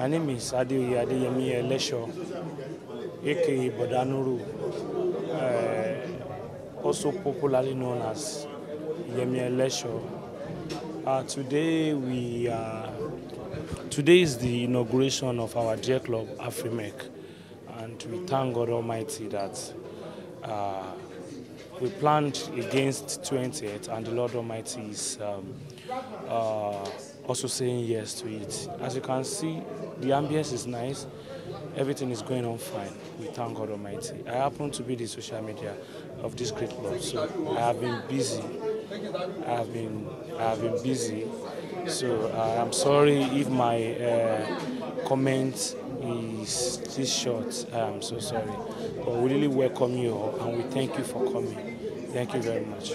My name is Adeoye Adeyemi Elesho, aka Bodanuru, uh, also popularly known as Yemi Elesho. Uh, today we uh, today is the inauguration of our dear club Afrimec, and we thank God Almighty that uh, we planned against 28, and the Lord Almighty is. Um, uh, also saying yes to it. As you can see, the ambience is nice. Everything is going on fine. We thank God Almighty. I happen to be the social media of this great club, so I have been busy. I have been, I have been busy. So uh, I'm sorry if my uh, comment is this short. I'm so sorry. But we really welcome you all, and we thank you for coming. Thank you very much.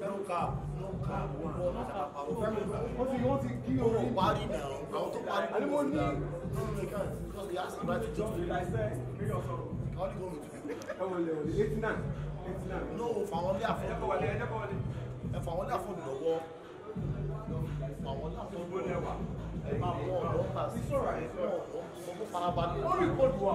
no cap no cap wọn àti àpapọ̀ wọn ti wọn ti kí o rí parí náà àwọn tó parí náà àlebo ní no no they can't because they ask about it just like say million sọ̀rọ̀ how they go with you. ẹ wọlé no, eighty nine eighty nine. no fàwọn lé àfọ ẹ no, lé àfọ lọ́wọ́ fàwọn no, àfọ lọ́wọ́ ẹ no, mọ ọ̀rọ̀ ta sí no, no, no, ó rí no, wa o.